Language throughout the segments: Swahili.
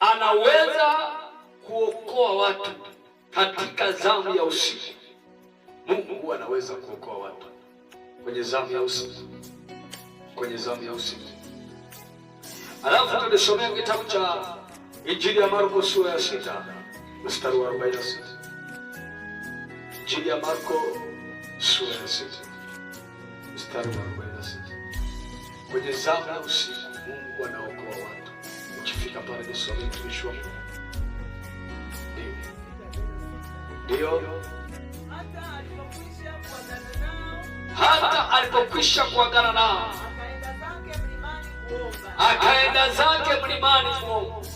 anaweza kuokoa watu katika zamu ya usiku. Mungu anaweza kuokoa watu kwenye zamu ya usiku, kwenye zamu ya usiku. Alafu tulisomea kitabu cha Injili ya Marko sura ya sita mstari wa 46. Injili ya Marko sura ya sita mstari wa 46, kwenye zamu ya usiku Mungu anao scapare da solo il suo amore. Ndio hata alipokwisha kuagana nao akaenda zake mlimani kuomba.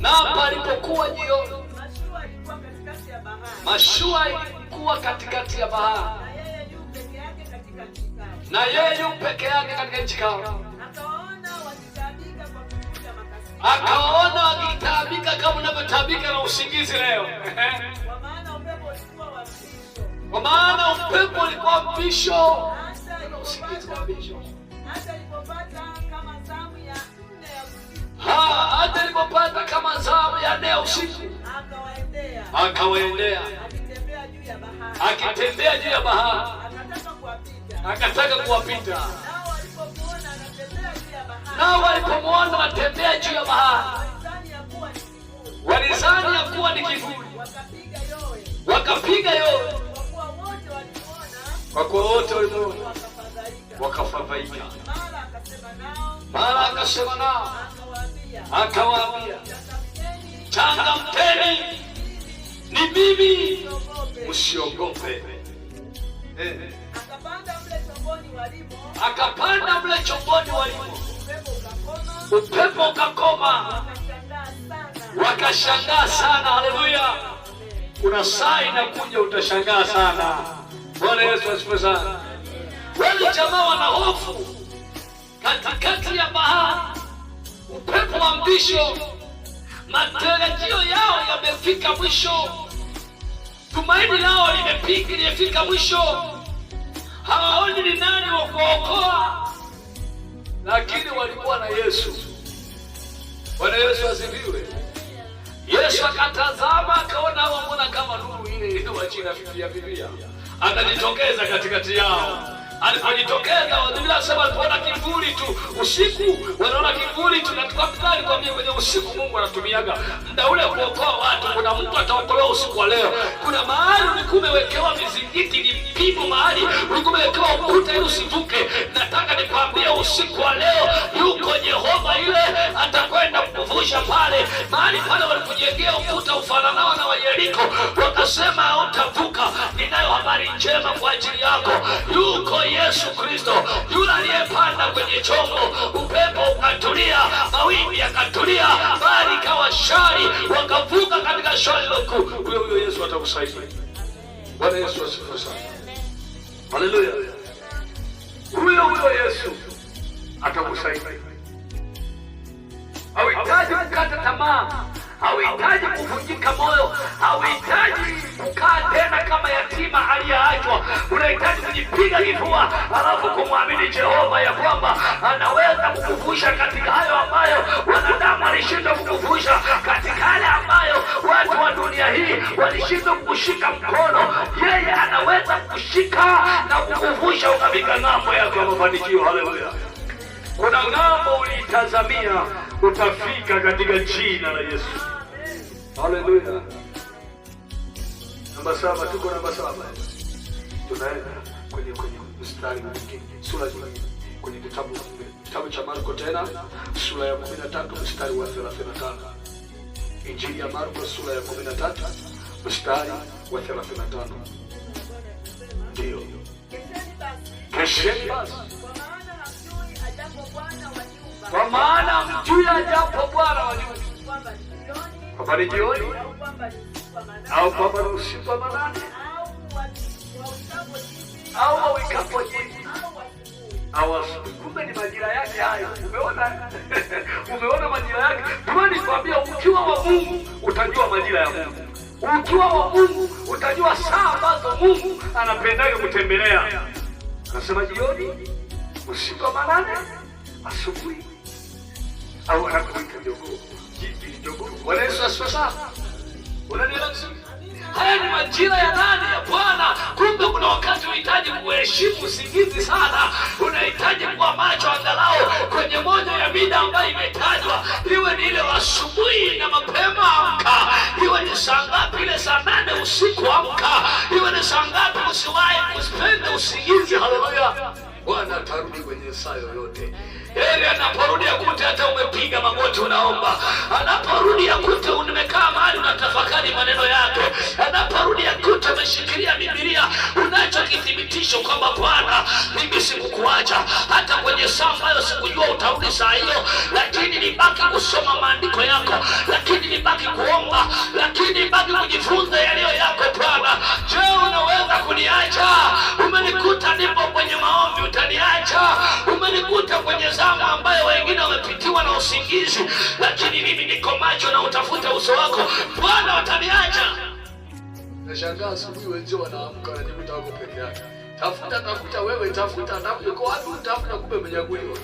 Na alipokuwa jioni, mashua ilikuwa katikati ya bahari, na yeye yu peke yake katika na yeye peke yake katika nchi kavu, akaona wakitaabika kama unavyotabika na usingizi leo kwa maana upepo ulikuwa mpisho, mpisho. Hata alipopata kama zamu ya nne ya usiku, akawaendea akitembea juu ya bahari akataka kuwapita, nao walipomwona watembea juu ya bahari walizani ya kuwa ni kivuli, wakapiga yowe, kwa kuwa wote walimwona wakafadhaika. Mara akasema nao akawaambia, changamkeni, ni mimi, msiogope akapanda mle chomboni walimu, upepo ukakoma, wakashangaa sana. Haleluya! Kuna saa inakuja utashangaa sana. Bwana Yesu asifiwe sana. Wale jamaa wana hofu katikati ya bahari, upepo wa mbisho, matarajio yao yamefika mwisho, tumaini lao limefika mwisho hawaoni ni nani wa kuokoa, lakini walikuwa na Yesu. Bwana Yesu asifiwe. Yesu akatazama akaona hawa mbona kama nuru ile wachinafifia fifia, akajitokeza katikati yao. Alipojitokeza Biblia inasema walipoona kivuli tu, usiku wanaona kivuli tu, na tukapitali kwa kwenye usiku Mungu anatumiaga muda ule kuokoa watu kuna mtu ataokolewa usiku wa leo. Kuna mahali ulikuwa umewekewa mizingiti, ni vipimo, mahali ulikuwa umewekewa ukuta ili usivuke. Nataka nikwambie usiku wa leo, yuko Jehova ile atakwenda kukuvusha pale mahali pale walikujengea ukuta ufananao na Wajeriko, wakasema hautavuka. Ninayo habari njema kwa ajili yako, yuko Yesu Kristo yule aliyepanda kwenye chombo yakatulia, mawimbi yakatulia, bali ikawa shwari, wakavuka katika shwari loku. Huyo huyo Yesu atakusaidia. Bwana Yesu asifiwe sana, haleluya. Huyo huyo Yesu atakusaidia, hauhitaji kukata tamaa hauhitaji kuvunjika moyo, hauhitaji kukaa tena kama yatima aliyeachwa. Unahitaji kujipiga kifua, alafu kumwamini Jehova ya kwamba anaweza kukuvusha katika hayo ambayo wanadamu walishindwa kukuvusha, katika yale ambayo watu wa dunia hii walishindwa kukushika mkono, yeye anaweza kushika na kukuvusha ukafika ng'ambo yako ya mafanikio. Haleluya! Kuna ng'ambo uliitazamia, utafika katika jina la Yesu. Haleluya. Namba saba, tuko namba saba, tunaenda kwenye kwenye mstari mwingine, sura nyingine kwenye kitabu kitabu cha Marko tena sura ya 13 mstari wa 35. Injili ya Marko sura ya 13 mstari wa 35, ndio kesheni basi, kwa maana mjui ajapo Bwana wa nyumba habari jioni au kwamba ni usiku wa manane au wawikapo jivi au asubuhi. Kumbe ni majira yake hayo. Umeona, umeona majira yake. kwambia ukiwa wa Mungu utajua majira ya Mungu. Ukiwa wa Mungu utajua saa ambazo Mungu anapendaga kutembelea. Anasema jioni, usiku wa manane, asubuhi au anakuita jogoo sasa unanielewa Haya ni majira ya nani? Ya Bwana. Kumbe kuna wakati unahitaji kuheshimu usingizi sana, unahitaji kuwa macho angalau kwenye moja ya mida ambayo imetajwa, iwe ni ile asubuhi na mapema amka, iwe ni saa ngapi, ile saa nane usiku amka, iwe ni saa ngapi, usiwahi usipende usingizi. Haleluya. Bwana atarudi kwenye saa yoyote. Heri anaporudi akute hata umepiga magoti unaomba, anaporudi akute umekaa mahali unatafakari maneno yake, anaporudi akute umeshikilia Biblia, unacho kithibitisho kwamba Bwana, mimi sikukuacha hata kwenye saa ambayo sikujua utarudi saa hiyo, lakini nibaki kusoma maandiko yako, lakini nibaki kuomba, lakini nibaki kujifunza yaliyo yako Bwana. Je, unaweza kuniacha? Umenikuta nipo umeniacha, umenikuta kwenye zama ambayo wengine wamepitiwa na usingizi, lakini mimi niko macho na utafuta uso wako. Bwana, wataniacha? Nashangaa asubuhi wenzio wanaamka wanajikuta wako peke yake. Tafuta tafuta, wewe tafuta, uko wapi? Utafuta kumbe umenyakuliwa,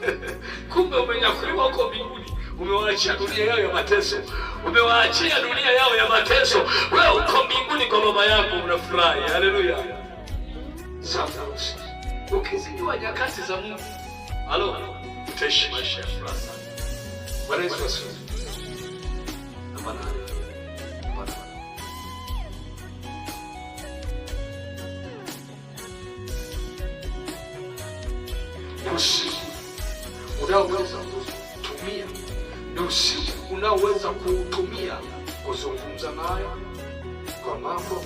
kumbe umenyakuliwa, uko mbinguni umewaachia dunia yao ya mateso, umewaachia dunia yao ya mateso. Wewe uko mbinguni kwa baba yako, unafurahi. Haleluya! Ukizijua nyakati za Mungu, halo, utaishi maisha ya furaha Bwana Yesu asifiwe. Usiku unaoweza kutumia ni usiku unaoweza kuutumia kuzungumza naye kwa mambo,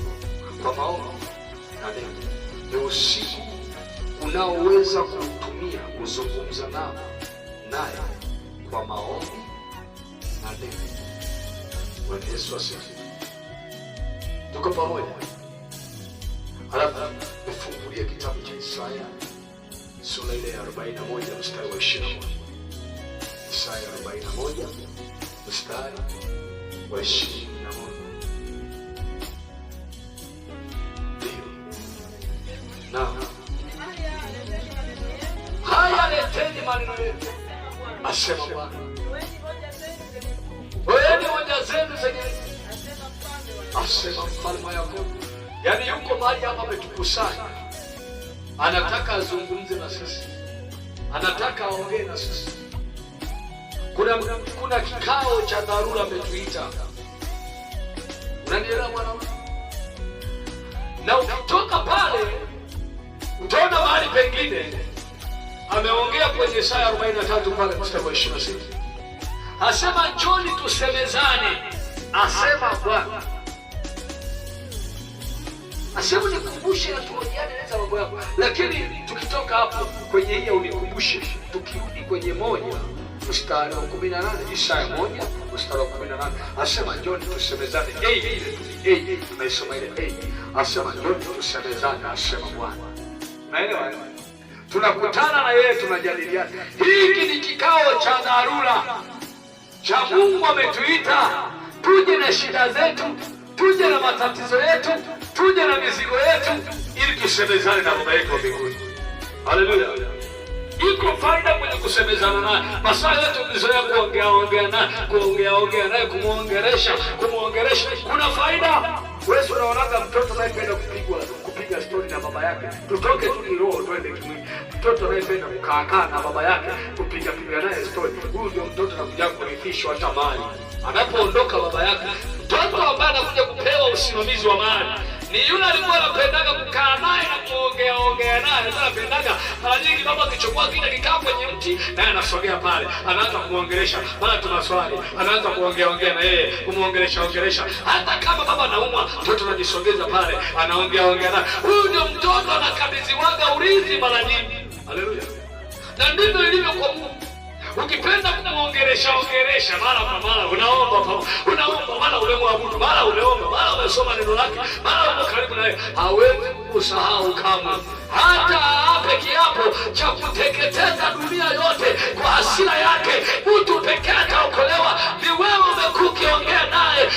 kwa maono na neno, ni usiku unaoweza kuutumia kuzungumza nao naye kwa maombi na neno. Bwana Yesu asifiwe. Tuko pamoja. Halafu ufungulie kitabu cha Isaya sura ile ya 41 mstari wa 21. Isaya 41 mstari wa 21. Tuamshe mabwana, weni hoja zenu zenye, asema mfalme yako. Yani yuko mahali hapa ametukusanya, anataka azungumze na sisi, anataka aongee na sisi. Kuna, kuna kikao cha dharura ametuita, unanielewa mwana? Na ukitoka pale utaona mahali pengine ameongea kwenye Isaya 43 pale mstari wa 26, asema njoni tusemezane, asema Bwana. Asema nikumbushe na tuojiane leza mambo yako, lakini tukitoka hapo kwenye hii unikumbushe, tukirudi kwenye moja mstari wa 18, Isaya moja mstari wa 18, asema njoni tusemezane. Hey, hey, tunaisoma ile hey, asema njoni tusemezane, asema Bwana. Naelewa? tunakutana na yeye, tunajadiliana. Hiki ni kikao cha dharura cha Mungu, ametuita tuje na shida zetu, tuje na matatizo yetu, tuje na mizigo yetu, ili tusemezane na baba yetu wa mbinguni. Haleluya! Iko faida kwenye kusemezana naye, masaa yetu mlizoea kuongea ongea naye, kuongea ongea naye, kumwongeresha kumwongeresha, kuna faida. Wewe unaonaga mtoto naye kwenda baba yake, tutoke tuliroho twende kimwili. Mtoto anayependa kukaakaa na baba yake kupiga piga naye stori, huyu ndio mtoto anakuja kurithishwa hata mali anapoondoka baba yake. Mtoto ambaye anakuja kupewa usimamizi wa mali ni yule alikuwa anapendaga kukaa naye na kuongea ongea naye, alikuwa anapendaga mara nyingi baba akichukua kile mti, naye anasogea pale, anaanza kumwongelesha, bana, tuna swali, anaanza kuongea ongea na yeye, kumwongelesha ongelesha. Hata kama baba anaumwa, mtoto anajisogeza pale, anaongea ongea na huyu. Ndio mtoto anakabidhiwaga urithi mara nyingi. Haleluya! Na ndivyo ilivyo kwa Mungu. Ukipenda kuongelesha ongelesha, mara kwa mara unaomba, unaomba mara ulemwabudu, mara uleomba, mara umesoma neno lake, mara uko karibu naye, hawezi kusahau kama hata ape kiapo cha kuteketeza dunia yote kwa hasira yake. Mtu pekee ataokolewa, ni wewe umekuwa ukiongea naye.